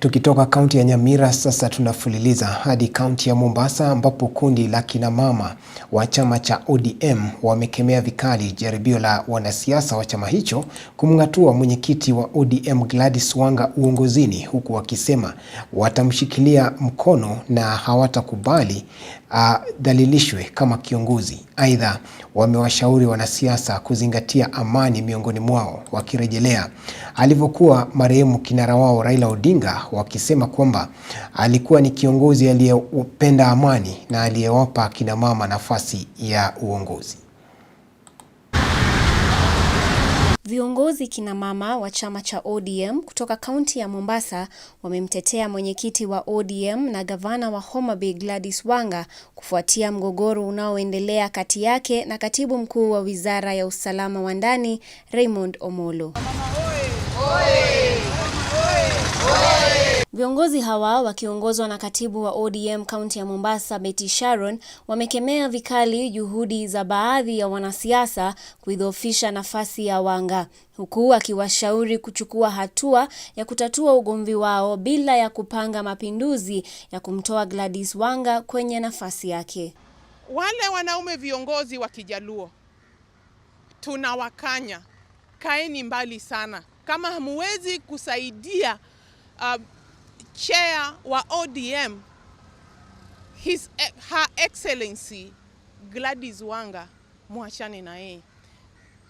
Tukitoka kaunti ya Nyamira sasa tunafululiza hadi kaunti ya Mombasa ambapo kundi la kina mama wa chama cha ODM wamekemea vikali jaribio la wanasiasa wa chama hicho kumng'atua mwenyekiti wa ODM Gladys Wanga uongozini huku wakisema watamshikilia mkono na hawatakubali adhalilishwe ah, kama kiongozi. Aidha, wamewashauri wanasiasa kuzingatia amani miongoni mwao wakirejelea alivyokuwa marehemu kinara wao Raila Odinga wakisema kwamba alikuwa ni kiongozi aliyependa amani na aliyewapa kina mama nafasi ya uongozi. Viongozi kinamama wa chama cha ODM kutoka kaunti ya Mombasa wamemtetea mwenyekiti wa ODM na gavana wa Homa Bay Gladys Wanga kufuatia mgogoro unaoendelea kati yake na katibu mkuu wa wizara ya usalama wa ndani Raymond Omolo. Mama, oe, oe. Viongozi hawa wakiongozwa na katibu wa ODM kaunti ya Mombasa Betty Sharon wamekemea vikali juhudi za baadhi ya wanasiasa kuidhoofisha nafasi ya Wanga, huku akiwashauri kuchukua hatua ya kutatua ugomvi wao bila ya kupanga mapinduzi ya kumtoa Gladys Wanga kwenye nafasi yake. Wale wanaume viongozi wa Kijaluo tunawakanya, kaeni mbali sana kama hamuwezi kusaidia uh, chair wa ODM His, Her Excellency Gladys Wanga, mwachane na yeye.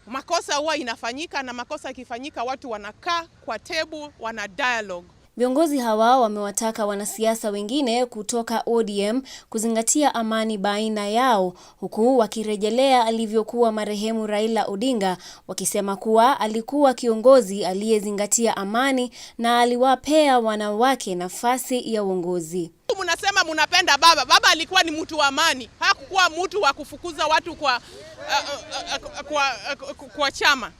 Makosa huwa inafanyika na makosa ikifanyika, watu wanakaa kwa tebu, wana dialogue. Viongozi hawa wamewataka wanasiasa wengine kutoka ODM kuzingatia amani baina yao, huku wakirejelea alivyokuwa marehemu Raila Odinga, wakisema kuwa alikuwa kiongozi aliyezingatia amani na aliwapea wanawake nafasi ya uongozi. Mnasema mnapenda baba. Baba alikuwa ni mtu wa amani, hakukuwa mtu wa kufukuza watu kwa, uh, uh, uh, uh, kwa, uh, kwa chama.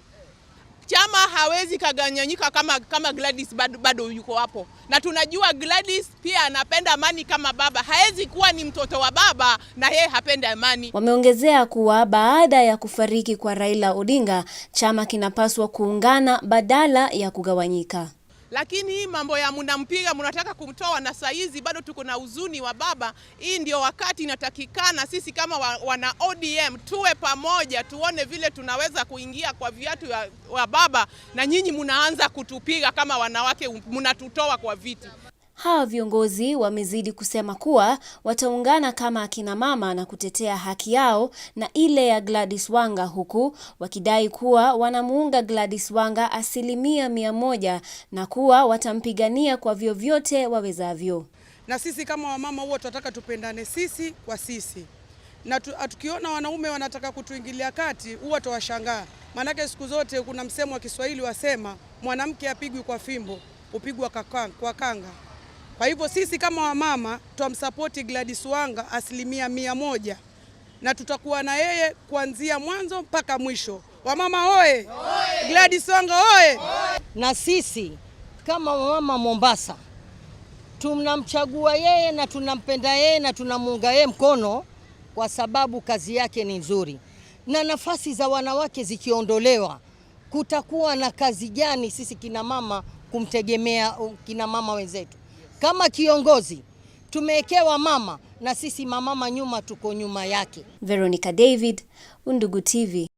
Chama hawezi kaganyanyika kama, kama Gladys bado, bado yuko hapo, na tunajua Gladys pia anapenda amani kama baba. Hawezi kuwa ni mtoto wa baba na yeye hapende amani. Wameongezea kuwa baada ya kufariki kwa Raila Odinga, chama kinapaswa kuungana badala ya kugawanyika lakini hii mambo ya mnampiga mnataka kumtoa, na saizi bado tuko na huzuni wa baba. Hii ndio wakati inatakikana sisi kama wana ODM tuwe pamoja, tuone vile tunaweza kuingia kwa viatu wa baba, na nyinyi mnaanza kutupiga kama wanawake, mnatutoa kwa viti. Hawa viongozi wamezidi kusema kuwa wataungana kama akina mama na kutetea haki yao na ile ya Gladys Wanga huku wakidai kuwa wanamuunga Gladys Wanga asilimia mia moja na kuwa watampigania kwa vyovyote wawezavyo. Na sisi kama wamama huwa tunataka tupendane sisi kwa sisi, na ah, tukiona wanaume wanataka kutuingilia kati huwa tuwashangaa, maanake siku zote kuna msemo wa Kiswahili wasema mwanamke apigwi kwa fimbo, hupigwa kwa kanga. Kwa hivyo sisi kama wamama twamsapoti Gladys Wanga asilimia mia moja na tutakuwa na yeye kuanzia mwanzo mpaka mwisho. Wamama hoye! Gladys Wanga hoye! Na sisi kama wamama Mombasa tunamchagua yeye na tunampenda yeye na tunamuunga yeye mkono kwa sababu kazi yake ni nzuri. Na nafasi za wanawake zikiondolewa, kutakuwa na kazi gani sisi kinamama kumtegemea uh, kinamama wenzetu? kama kiongozi tumewekewa mama na sisi mamama nyuma, tuko nyuma yake. Veronica David, Undugu TV.